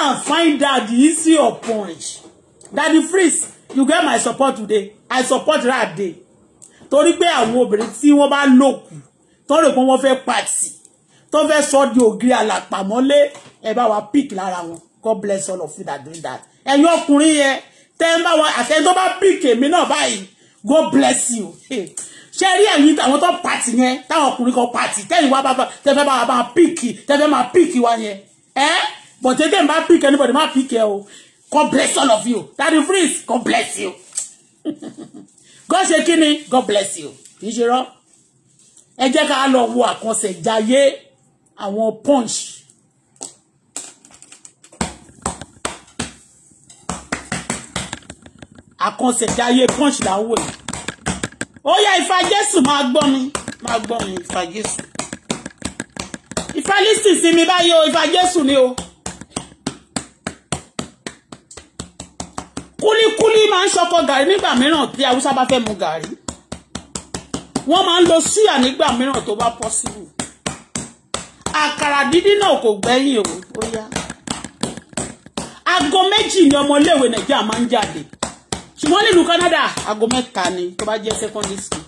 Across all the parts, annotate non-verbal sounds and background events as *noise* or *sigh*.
and ah, find out the easy of punch. Daddy Freeze, you get my support today. I support that day. Torí pé àwọn obìnrin tí wọ́n bá lòkù, tó rò pé wọ́n fẹ́ pàtì, tó fẹ́ sọ di ògiri àlàpàmọ́lé, ẹ bá wa pick lára wọn. God bless all of you that doing that. Ẹ̀yin ọkùnrin yẹn, tẹ́ ń bá wa aten tó ba pick èmi náà báyìí, God bless you. Ṣé rí ẹ̀yin àwọn tó pàtì yẹn, táwọn ọkùnrin kan pàtì, tẹ́yìn wá bá tẹ́fẹ́ bá wa bá pick, tẹ́fẹ́ ma pick wa yẹn. Eh? but again ma pick anybody ma pick you. God bless all of you That daddy freeze God bless you *laughs* God ṣe me. God bless you kì í ṣe rọ ẹ jẹ́ ká lọ wo àkànṣe jayé àwọn punch. jaye punch that là ń wò yìí ó yá Ifá Jésù máa gbọ́ mi máa gbọ́ mi if I listen to me, mi you. If I Jésù ni you. máa ń ṣọkọ gàrí nígbà mìíràn tí haúsá bá fẹ́ mu gàrí wọ́n máa ń lo súyà nígbà mìíràn tó bá pọ́sibù àkàrà dídín náà kò gbẹ́yìn o ó yá aago méjì ni ọmọléèwé nàìjíríà máa ń jáde ṣùgbọ́n nílùú Canada aago mẹ́ta ni tó bá jẹ́ secondary school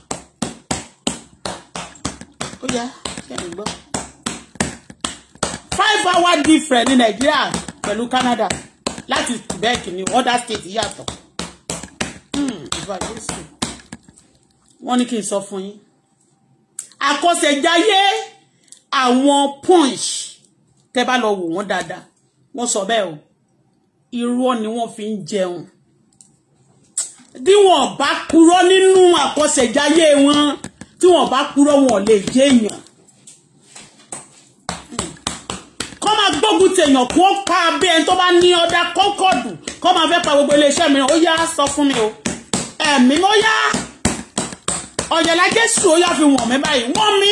ó yá kẹ́rin gbọ́ five hour different ní nàìjíríà pẹ̀lú Canada láti Quebec ní other state yàtọ̀ wọ́n ní kí n sọ fún yín àkọsẹ̀jáyé àwọn punch tẹ́ bá lọ wò wọ́n dáadáa wọ́n sọ bẹ́ẹ̀ o irọ́ ni wọ́n fi ń jẹun tí wọ́n bá purọ́ nínú àkọsẹ̀jáyé wọn tí wọ́n bá purọ́ wọn lè jẹ́ èèyàn máa gbógun tèèyàn kó pa abẹ́ ẹni tó bá ní ọ̀dà kọ́kọ́dù kó máa fẹ́ pa gbogbo iléeṣẹ́ mìíràn ó yá sọ fún mi o ẹ̀mí ló yá ọ̀yẹ̀lá jésù ó yá fi wọ̀n mi báyìí wọ́n mi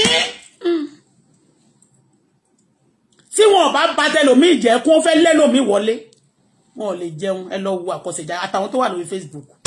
tí wọn ò bá ba tẹlòmíì jẹ́ kó fẹ́ lẹ́lòmíì wọlé wọn ò lè jẹun ẹ lọ wo àkọsẹ̀já àtàwọn tó wà lórí Facebook